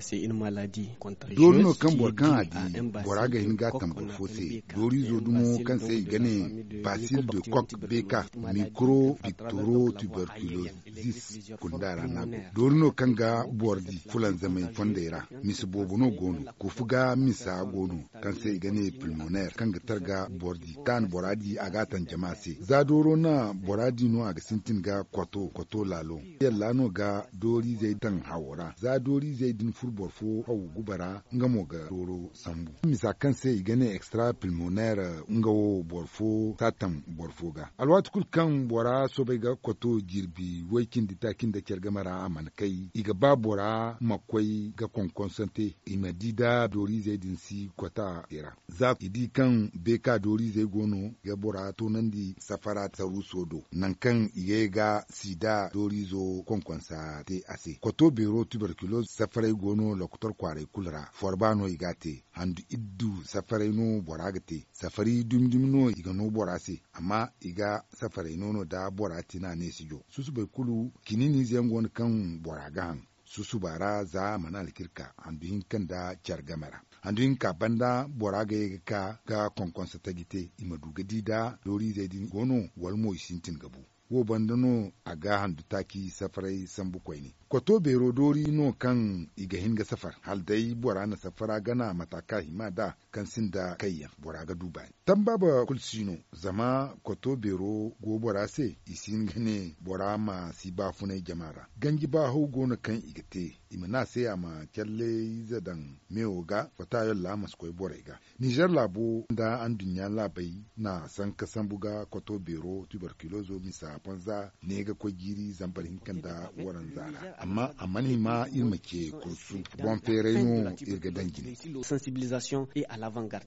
sai in maladi contagieuse. no kan bor kan adi in ga tambo fose dori dumo kan sai gane basil de coq beka mikro pictoro tuberculosis kundara na no kan ga di fulan zamai fondaira mis no gono ko fuga misa gono kan sai gane pulmonaire kan ga targa di tan boradi agatan jama'se za doro na boradi no aga sintin ga kwato kwato lalo yalla no ga dori zai tan hawara za dori zai din furu borfo hau gubara ngamo ga doro sambu misa kan sai gane extra pulmonaire ngawo borfo tatam borfo ga alwatu kul kan bora so bai ga kwato jirbi waikin ditakin da kyar gamara aman kai iga ba bora makwai ga konkonsante imadida dori zai dinsi kwata era za idi kan beka dori zai gono ga bora to nan di safara ta rusodo nan kan iye ga sida dori zo konkonsa te ase kwato bero tuberculose safarai gono no lokutor kwarai kulra forbano igate handu iddu safarai no boragate safari dumdum no iga no borase amma iga safarai no no da borati na ne sijo susu bai kulu kinini zengon kan boragan susu bara za mana alkirka handu hinkan da chargamara handu hinka banda boraga ka ga konkonsa tagite imadugadi da lori zaidin gono walmo isintin gabu wo no a ga handu taki safarai san bukwai ne. Kwato bero dori no kan igahin ga safar hal dai bora na safara gana mataka hima da kan sin da kayya bora ga duba. Tan baba kulsino zama kwato bero go bora se isin gane bora ma si ba funai jamara. Gangi ba hau gona kan igate sai se ma kyalle zadan meoga fatayon la borai ga. niger labo da an dunya labai na san kasan buga kwato bero tuberculoso misa panza ne ga kwagiri zambar hinkan da waran zara amma a ne ma irma ke kursu bon fere irga dangine sensibilisation et à l'avant-garde